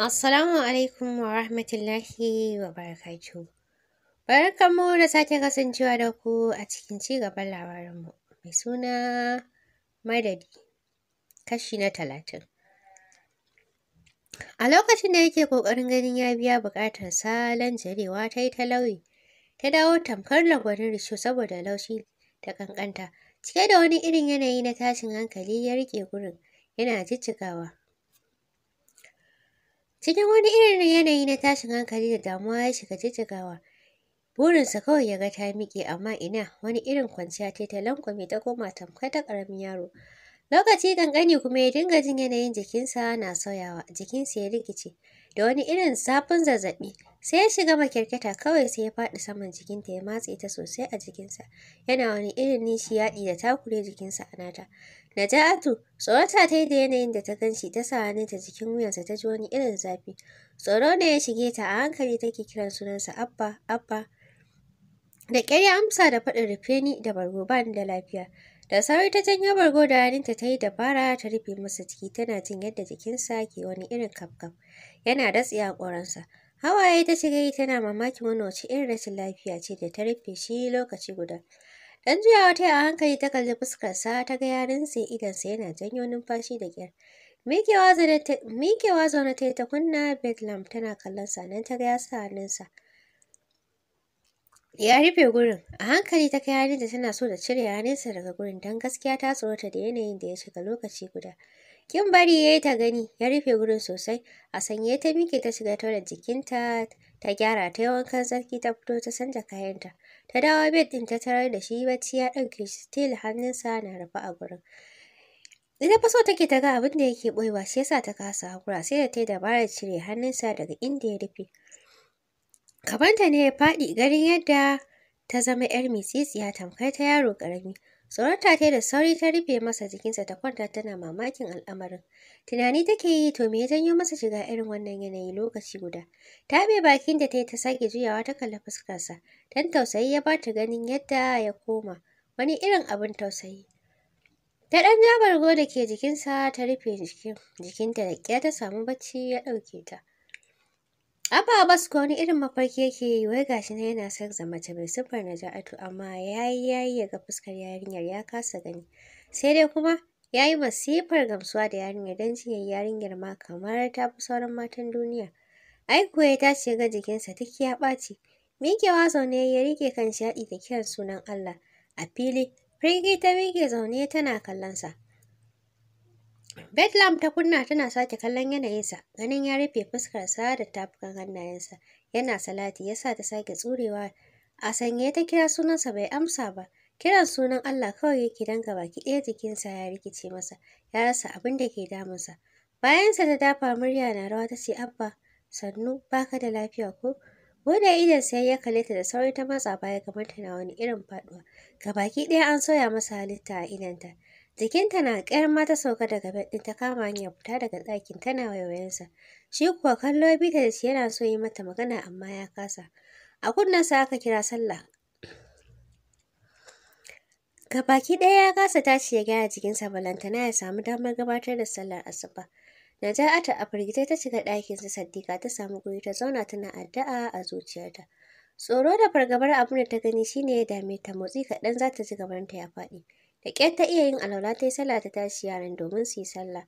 Assalamu alaikum wa rahmatullahi wa barakatu. Barkanmu da sake kasancewa da ku a cikin ci gaban labarinmu mai suna madadi kashi na talatin. A lokacin da yake ƙoƙarin ganin ya biya buƙatar salon jarewa ta yi ta lauyi, ta dawo tamkar lagwanin risho saboda laushi ta ƙanƙanta, cike da wani irin yanayi na tashin hankali ya riƙe gurin yana jijjigawa. Cikin wani irin yanayi na tashin hankali da damuwa ya shiga jijjigawa. Burinsa kawai ya ga ta miƙe amma ina wani irin kwanciya ta ta lankwame ta koma tamkar ta ƙaramin yaro. Lokaci ƙanƙani kuma ya dinga jin yanayin jikinsa na sauyawa, jikinsa ya rikice da wani irin zafin zazzaɓi. Sai ya shiga makyarkyata kawai sai ya faɗi saman jikinta ya matse ta sosai a jikinsa. Yana wani irin nishi yaɗi da takure jikinsa a nata. najatu tsorata ta yi da yanayin da ta gan shi ta sa ta jikin wuyansa ta ji wani irin zafi. Tsoro ne ya shige ta a hankali take kiran sunansa Abba, Abba. Da ƙyar ya amsa da faɗin rufe ni da bargo ba ni da lafiya. Da sauri ta janyo bargo da hannunta ta yi dabara ta rufe masa ciki tana jin yadda jikinsa ke wani irin kafkaf. Yana datse a ƙoransa. Hawaye ta shiga yi tana mamakin wani wace irin rashin lafiya ce da ta rufe shi lokaci guda. Dan jiya wata yi a hankali ta kalli fuskarsa ta ga yarinsa sai idansa yana janyo numfashi da ƙyar. Mikewa zaune ta yi ta kunna bedlam tana kallon sa nan ta ga ya sa hannunsa. Ya rufe gurin, a hankali ta kai da tana so ta cire hannunsa daga gurin don gaskiya ta tsorata da yanayin da ya shiga lokaci guda. Kin bari ya yi ta gani, ya rufe gurin sosai, a sanye ta mike ta shiga tauren jikinta ta gyara ta yi wankan sarki ta fito ta sanja kayanta. Ta dawo bed ɗin ta tarar da shi bacci ya ɗauke shi still hannunsa na rufe a gurin. Idan fa so take ta ga abin da yake ɓoyewa shi yasa ta kasa hakura sai da ta yi dabarar cire hannunsa daga inda ya rufe. Kabanta ne ya faɗi garin yadda ta zama ‘yar ya tamkar ta yaro ƙarami. Tsorata ta da sauri ta rufe masa jikinsa ta kwanta tana mamakin al'amarin. Tunani take yi to me ya janyo masa shiga irin wannan yanayi lokaci guda. Ta be bakin da ta yi ta sake juyawa ta kalli fuskarsa. Dan tausayi ya ba ta ganin yadda ya koma. Wani irin abin tausayi. Ta ɗan ja bargo da ke jikinsa ta rufe jikin. Jikinta da ƙya ta samu bacci ya ɗauke ta. Abba Abbas ko wani irin mafarki yake yi wai gashi na yana sarza mace mai siffar Naja'atu amma yayi yayi ya ga fuskar yarinyar ya kasa gani. Sai dai kuma yayi masifar gamsuwa da yarinyar don jinyar yarinyar ma kamar ta fi sauran matan duniya. Aiko ya tashi ga jikinsa duk ya ɓaci. Miƙewa zaune ya rike kan shaɗi da kiran sunan Allah. A fili, "Firgita ta miƙe zaune tana kallon sa." Bedlam ta kunna tana sake kallon yanayinsa, ganin ya rufe fuskarsa da tafukan hannayensa. Yana salati ya sa ta sake tsurewa. A sanye ta kira sunansa bai amsa ba. Kiran sunan Allah kawai yake danga baki ɗaya jikinsa ya rikice masa, ya rasa abin da ke damunsa. Bayansa ta dafa murya na rawa ta ce Abba, sannu baka da lafiya ko? Buɗe idon sai ya kalle ta da sauri ta matsa baya kamar tana wani irin faɗuwa. Ga baki ɗaya an sauya masa halitta a idonta. Jikinta na ma ta sauka daga bed ɗin ta kama hanyar fita daga ɗakin tana wayoyinsa. Shi kuwa kallo bita da shi yana so yi mata magana amma ya kasa. A kunnensa aka kira sallah. Gabaki ɗaya ya kasa tashi ya gyara jikinsa balantana ya samu damar gabatar da sallar asuba. Naja'atu a firgice ta shiga ɗakinsa Saddiqa ta samu guri ta zauna tana addu'a a zuciyarta. Tsoro da fargabar abin da ta gani shine ya dame ta motsi kaɗan za ta ji gabanta ya faɗi. Da ƙyar ta iya yin alwala ta yi sallah ta tashi yaran domin su yi sallah.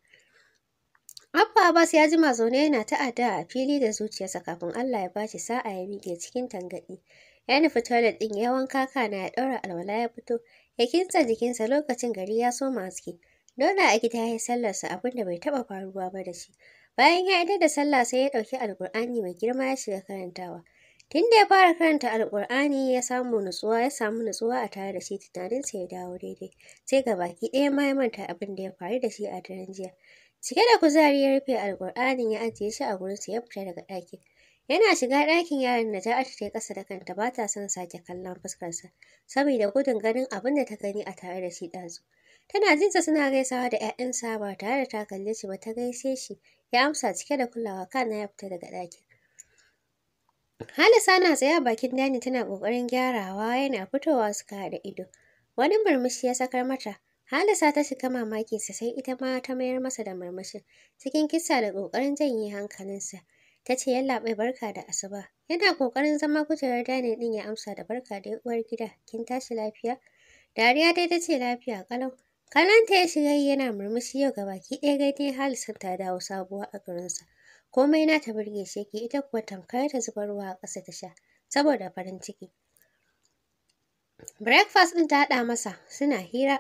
Abba Abbas ya jima zaune yana ta a fili da zuciyarsa kafin Allah ya bashi sa'a ya miƙe cikin tangaɗi. Ya nufi toilet ɗin ya wanka kana ya ɗaura alwala ya fito ya kintsa jikinsa lokacin gari ya soma haske. Dole a gida ya yi sallarsa abin da bai taɓa faruwa ba da shi. Bayan ya idar da sallah sai ya ɗauki alkur'ani mai girma ya shiga karantawa. Tun da ya fara karanta Alƙur'ani ya samu nutsuwa ya samu nutsuwa a tare da shi tunaninsa ya dawo daidai. Sai ga baki ɗaya ma ya manta abin da ya faru da shi a daren jiya. Cike da kuzari ya rufe Alƙur'anin ya ajiye shi a gurinsa ya fita daga ɗakin. Yana shiga ɗakin yaron Naja'atu ta yi ƙasa da kanta ba ta son sake kallon fuskarsa, saboda gudun ganin abin da ta gani a tare da shi ɗazu. Tana jinsa suna gaisawa da ‘ya'yansa ba tare da ta kalle shi ba ta gaishe shi, ya amsa cike da kulawa kana ya fita daga ɗakin. Halisa na tsaye a bakin dani tana ƙoƙarin gyarawa yana fitowa suka haɗa ido. Wani murmushi ya sakar mata. Halisa ta shiga mamaki sai ita ma ta mayar masa da murmushin cikin kisa da ƙoƙarin janye hankalinsa. Ta ce yallaɓai barka da asuba. Yana ƙoƙarin zama kujerar dani ɗin ya amsa da barka da uwar gida. Kin tashi lafiya? Dariya dai ta ce lafiya ƙalau. kananta ya shiga yana murmushi yau ga baki ɗaya gaidai Halisan ta dawo sabuwa a garinsa. Komai na ta burge shi yake ita kuwa tamkar ta zubar ruwa a ƙasa ta sha saboda farin ciki. Breakfast ɗin ta haɗa masa suna hira.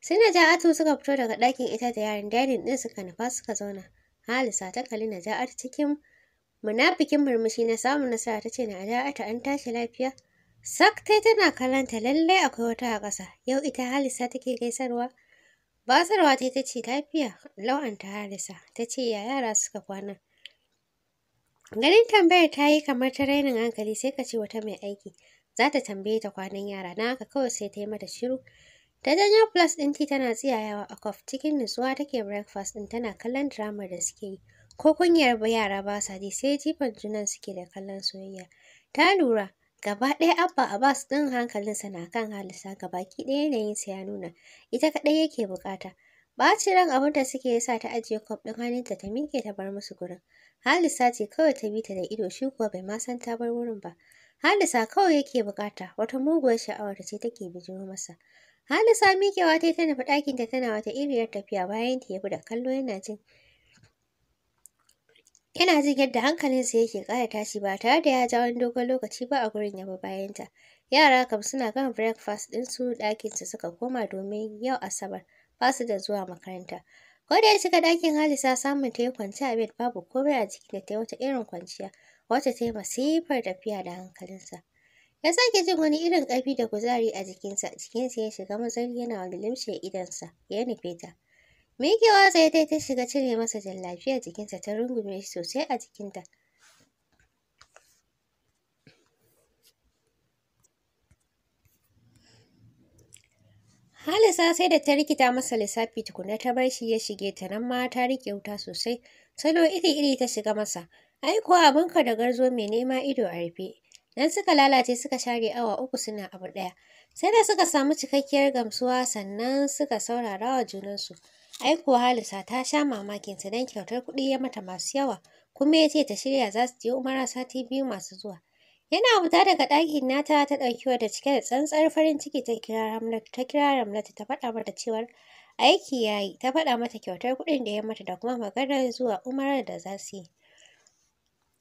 Sai na ja'atu suka fito daga ɗakin ita da yaran dadin ɗin suka nufa suka zauna. Halisa ta kalli na ja'ar cikin munafikin murmushi na samun nasara ta ce na ta an tashi lafiya. Sak tana kallon ta lallai akwai wata a ƙasa. Yau ita Halisa take gaisarwa. Basarwa ta ce lafiya lau'an ta harisa ta ce ya yara suka kwana. Ganin tambayar ta yi kamar ta rainin hankali sai ka ce wata mai aiki za ta tambaye ta kwanan yara na haka kawai sai ta yi mata shiru. Ta janyo plus ɗin ti tana tsiyayawa a kof cikin nutsuwa take breakfast ɗin tana kallon drama da suke yi. Ko kunyar yara ba sa ji sai jifan junan suke da kallon soyayya. Ta lura Gaba ɗaya Abba Abbas ɗin hankalinsa na kan Halisa gabaki ɗaya yanayinsa ya nuna ita kaɗai yake buƙata. Ɓacin ran abin da suke yasa ta ajiye kwaf ɗin hannunta ta miƙe ta bar musu gurin. Halisa ce kawai ta bi ta da ido shi kuwa bai ma san ta bar wurin ba. Halisa kawai yake buƙata wata muguwar sha'awar ce take bijiro masa. Halisa miƙewa ta yi ta nufi ɗakinta tana wata iriyar tafiya bayan ta ya bi da kallo yana jin Yana jin yadda hankalinsa yake ƙara tashi ba tare da ya ja wani dogon lokaci ba a gurin yaba bayanta. Yara kam suna gama breakfast ɗinsu ɗakinsu suka koma domin yau Asabar ba su da zuwa makaranta. Ko da ya shiga ɗakin Halisa samun ta yi kwanciya a bed babu komai a jikin da ta yi wata irin kwanciya wacce ta yi masifar tafiya da hankalinsa. Ya sake jin wani irin ƙarfi da kuzari a jikinsa, jikinsa ya shiga mazari yana wani limshe idonsa, ya nufe ta. Mikewa zai dai ta shiga cire masa lafiya jikinta ta rungume shi sosai a jikinta. Halisa sai da ta rikita masa lissafi tukuna ta bar shi ya shige ta nan ma ta riƙe wuta sosai. Salo iri-iri ta shiga masa. Ai kuwa abinka da garzo mai nema ido a rufe. Nan suka lalace suka share awa uku suna abu ɗaya. Sai da suka samu cikakkiyar gamsuwa sannan suka saurara wa junansu. Ai kuwa Halisa ta sha mamakin mamakinsa don kyautar kuɗi ya mata masu yawa, kuma ya ce ta shirya za su je Umara sati biyu masu zuwa. Yana fita daga ɗakin nata ta ɗauki wata cike da tsantsar farin ciki ta kira Ramlat ta kira Ramlat ta faɗa mata cewar aiki ya yi ta faɗa mata kyautar kuɗin da ya mata da kuma maganar zuwa Umarar da za su yi.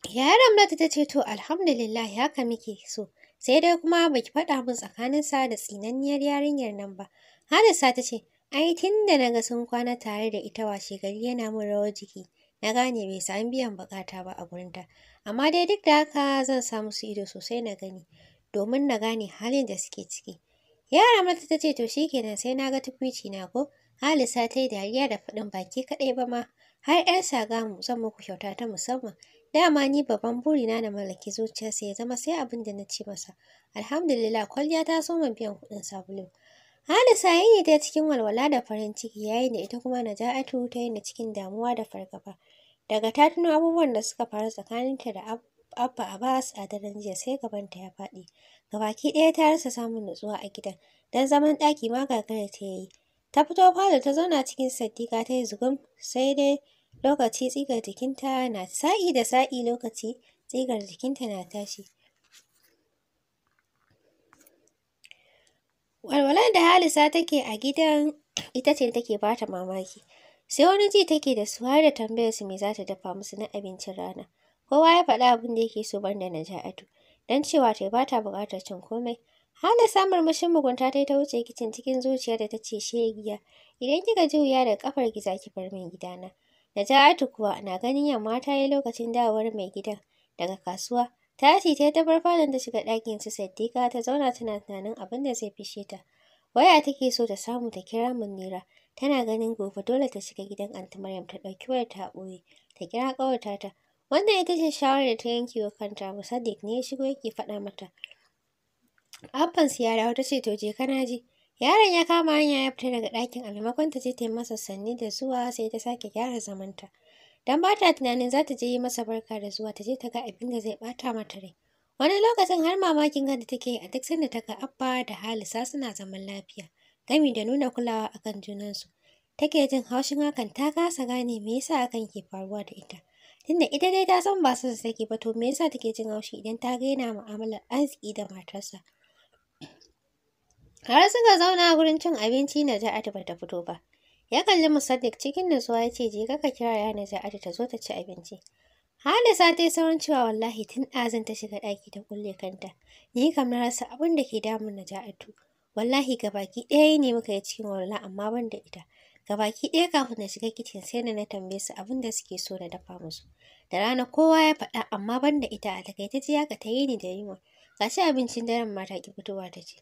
Yaya Ramlat ta ce to alhamdulillah haka muke so sai dai kuma baki faɗa min sa da tsinanniyar yarinyar nan ba. Halisa ta ce Ai tun da na ga sun kwana tare da ita washegari yana min rawar jiki, na gane bai sami biyan bukata ba a gurinta. Amma dai duk da haka zan sa musu ido sosai na gani, domin na gane halin da suke ciki. Yara mata ta ce to shi kenan sai na ga tukwici na ko, Halisa ta yi dariya da faɗin baki kaɗai ba ma, har 'yan sagamu zan muku kyauta ta musamman. Dama ni babban burina na mallaki zuciyarsa ya zama sai abin da na ce masa. Alhamdulillah kwalliya ta soma biyan kuɗin sabulu Halisa ya yi ta cikin walwala da farin ciki yayin da ita kuma Naja'atu ta yi cikin damuwa da fargaba. Daga ta tuno abubuwan da suka faru tsakaninta da Abba Abbas a daren jiya sai gaban ta ya faɗi. Gabaki ɗaya ta rasa samun nutsuwa a gidan, dan zaman ɗaki ma gagara ta yi. Ta fito falo ta zauna cikin Saddiƙa ta yi zugum sai dai lokaci tsigar jikinta na sa'i da sa'i lokaci tsigar jikinta na tashi. Walwalar da Halisa take a gidan ita ce take ba ta mamaki. Sai wani ji take da su har da tambayar su me za ta dafa musu na abincin rana. Kowa ya faɗa abin da yake so banda Naja'atu, dan cewa ta ba ta buƙatar cin komai. Halisa murmushin mugunta ta ta wuce kicin cikin zuciya da ta ce shegiya, idan kika ji wuya da kafar ki zaki bar min gidana. Naja'atu kuwa na ganin yamma ta yi lokacin dawowar mai gidan daga kasuwa, Tati ta ta bar falon ta shiga ɗakin su Saddiqa ta zauna tana tunanin abin da zai fishe ta. Waya take so ta samu ta kira Munira. Tana ganin gobe dole ta shiga gidan anti Maryam ta ɗauki wayar ta ɓoye ta kira ƙawarta ta. Wannan ita ce shawarar da ta yanke wa kanta. Saddiq ne ya shigo yake faɗa mata. Abbansu ya dawo ta ce to je kana ji. Yaron ya kama hanya ya fita daga ɗakin a maimakon ta je ta yi masa sanni da zuwa sai ta sake gyara zamanta. dan ba ta tunanin za ta je yi masa barka da zuwa ta je ta ga abin da zai bata mata rai. Wani lokacin har mamakin ganda take yi a duk sanda ta ga Abba da Halisa suna zaman lafiya, gami da nuna kulawa akan junansu. Take jin haushin hakan ta kasa gane me yasa hakan ke faruwa da ita. Tunda ita dai ta san ba su take ba to me yasa take jin haushi idan ta ga yana mu'amalar arziki da matarsa. Har suka zauna gurin cin abinci na ja'atu ba ta fito ba. Ya kalli Musaddiq cikin nutsuwa ya ce je ka kira Rayana Ja'atu ta zo ta ci abinci. sa ta yi sauran cewa wallahi tun ɗazin ta shiga ɗaki ta kulle kanta. Ni kam na rasa abin da ke damun na Ja'atu. Wallahi gabaki ɗaya ne muka yi cikin walla amma ban da ita. Gabaki ɗaya kafin na shiga kicin sai na na tambaye su abin da suke so na dafa musu. Da rana kowa ya faɗa amma ban da ita a takaice jiya ka ta yi ni da yunwa. Gashi abincin daren mata ki fitowa ta ce.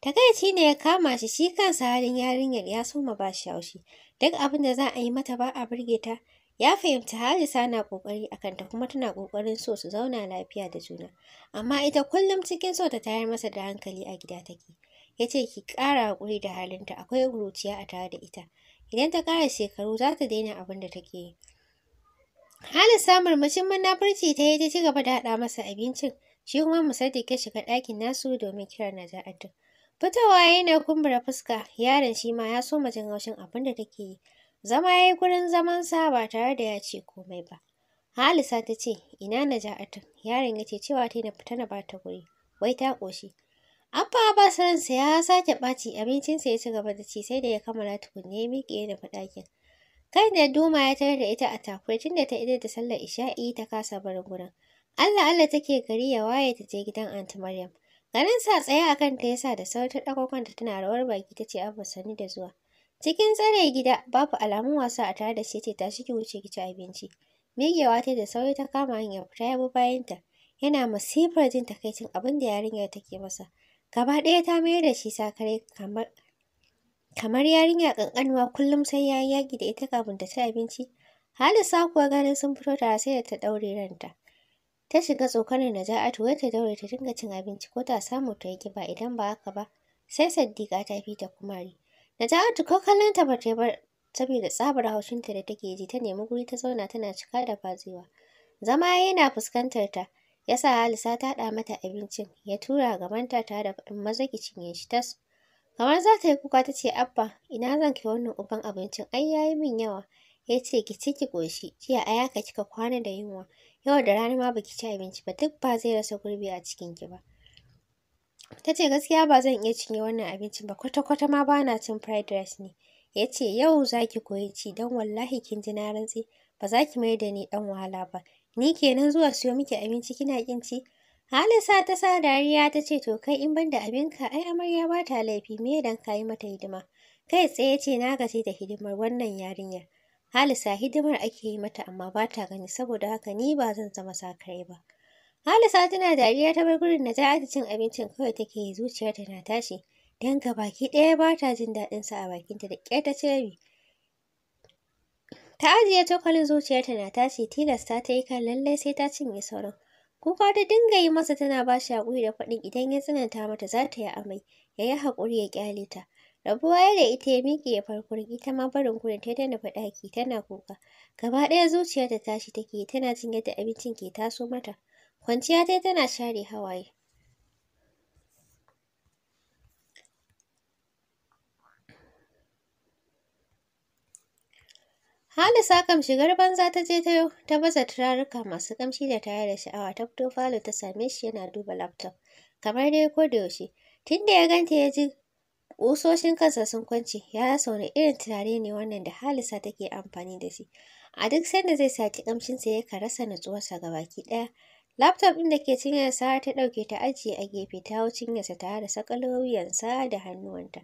Takaici ne ya kama shi shi kansa halin yarinyar ya soma ba shi haushi. Duk abin da za a yi mata ba a burge ta. Ya fahimci Halisa na ƙoƙari a kanta kuma tana ƙoƙarin so su zauna lafiya da juna. Amma ita kullum cikin so ta tayar masa da hankali a gida take. Yace ce ki kara hakuri da halinta akwai ruciya a tare da ita. Idan ta kara shekaru za ta daina abin da take yi. Halisa murmushin munafurci ta yi ta ci gaba da haɗa masa abincin. Shi kuma da ya shiga ɗakin nasu domin kiran Naja'atu. Fitowa waye na kumbura fuska, yaron shi ma ya soma jin haushin abin da take yi. Zama ya yi gurin zamansa ba tare da ya ce komai ba. Halisa ta ce, ina na atin, yaron ya ce cewa ta na fita na ba ta guri, wai ta ƙoshi. Abba Abbas ransa ya sake ɓaci abincinsa ya ci gaba da ci sai da ya kammala tukunne ya miƙe da faɗakin. Kai da Duma ya tarar da ita a takure tunda ta idar da sallar isha'i ta kasa barin gurin. Allah Allah take gari ya waye ta je gidan Aunty Maryam. Garin sa tsaye a kanta ya sa da sautin ta tana rawar baki ta ce Abba sani da zuwa. Cikin tsare gida babu alamun wasa a tare da shi ce ta shige wuce ki ci abinci. Migewa ta da sauri ta kama hanyar fita ya bi bayanta. Yana masifar jin takaicin abin da yarinyar take masa. Gaba ɗaya ta mayar da shi sakare kamar kamar yarinya ƙanƙanuwa kullum sai ya yi yaƙi da ita kafin ta ci abinci. Halisa kuwa ganin sun fito tare sai da ta ɗaure ranta. Ta shiga tsokanar Naja'atu wai ta daure ta dinga cin abinci ko ta samu ta yi kiba idan ba haka ba sai Saddiqa ta fi ta kumari. Naja'atu ko kallon ta bata bar saboda tsabar haushinta da take ji ta nemi guri ta zauna tana cika da fazewa Zama yana fuskantar ta ya sa Halisa ta haɗa mata abincin ya tura gabanta tare da faɗin maza ki cinye shi tas. Kamar za ta yi kuka ta ce Abba ina zan kai wannan uban abincin ai ya yi min yawa. Ya ce ki ci ki ƙoshi jiya a ka kika kwana da yunwa. Yau da rana ma baki ci abinci ba duk ba zai rasa gurbi a cikin ki ba. Ta ce gaskiya ba zan iya cinye wannan abincin ba kwata-kwata ma bana cin fried rice ne. Ya ce yau za ki koyi ci don wallahi kin ji na rantse ba za ki mai da ni dan wahala ba. Ni kenan zuwa siyo miki abinci kina kin ci? Halisa ta sa dariya ta ce to kai in banda abinka ai amarya ba ta laifi me dan kayi mata hidima. Kai tsaye ce na gaji da hidimar wannan yarinyar. Halisa hidimar ake yi mata amma ba ta gani saboda haka ni ba zan zama sakare ba. Halisa tana dariya ta bar gurin da ta aji cin abincin kawai take yi zuciyarta na tashi. Dan baki ɗaya ba ta jin daɗin sa a bakinta da ƙyar ta cire Ta ajiye cokalin zuciyarta na tashi tilasta ta yi kan lallai sai ta cinye sauran. Kuka ta dinga yi masa tana ba shi haƙuri da faɗin idan ya tsananta mata za ta yi amai, ya yi haƙuri ya ƙyale ta. Rabuwa yadda ita ya miƙe ya farko ita ma barin gurin ta daina faɗaki tana kuka. Gaba ɗaya ta tashi take tana jin yadda abincin ke taso mata. Kwanciya tai tana share hawaye. Halisa kam shigar banza ta je ta ta baza turaruka masu kamshi da tare da sha'awa ta fito falo ta same shi yana duba laptop kamar dai ko da yaushe. Tunda ya ganta ya ji Ƙusoshin kansa sun kwanci. ya rasa wani irin turare ne wannan da Halisa take amfani da shi. A duk sanda zai saki ƙamshinsa nutsuwar rasa natsuwarsa baki ɗaya. Laptop ɗin da ke sa ta ɗauke ta ajiye a gefe ta hau sa tare da sakalo sa da hannuwanta.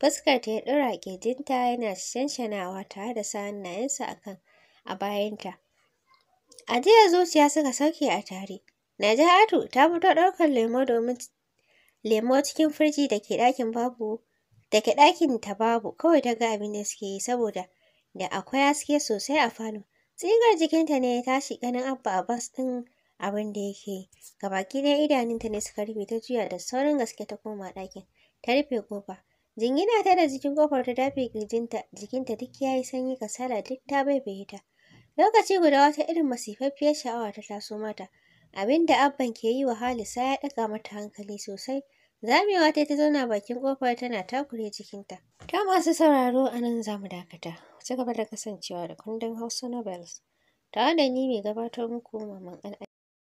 Fuskar ta ya ɗora ƙirjinta yana shanshanawa tare da sa hannayensa a kan a bayanta. Ajiyar zuciya suka sauke a tare. Naja'atu ta fito ɗaukar lemo domin lemo cikin firji da ke ɗakin babu Dake ɗakin ta babu kawai ta ga abin da suke yi saboda da akwai haske sosai a falo. Tsigar jikinta ne ya tashi ganin Abba a bas ɗin abin da yake yi. Gabaki ɗaya idanunta ne suka rufe ta juya da saurin gaske ta koma ɗakin. Ta rufe kofa. Jingina ta da jikin kofar ta dafe ƙirjinta, jikinta duk ya yi sanyi kasala duk ta bai ta. Lokaci guda wata irin masifaffiyar sha'awa ta taso mata. Abin da Abban ke yi wa Halisa ya ɗaga mata hankali sosai. Zamewa ta ta zauna bakin kofar tana takure jikinta. Ta masu sauraro a nan za mu dakata. Ci gaba da kasancewa da kundin Hausa Novels. Ta da ni mai gabatar muku Maman Al'adu.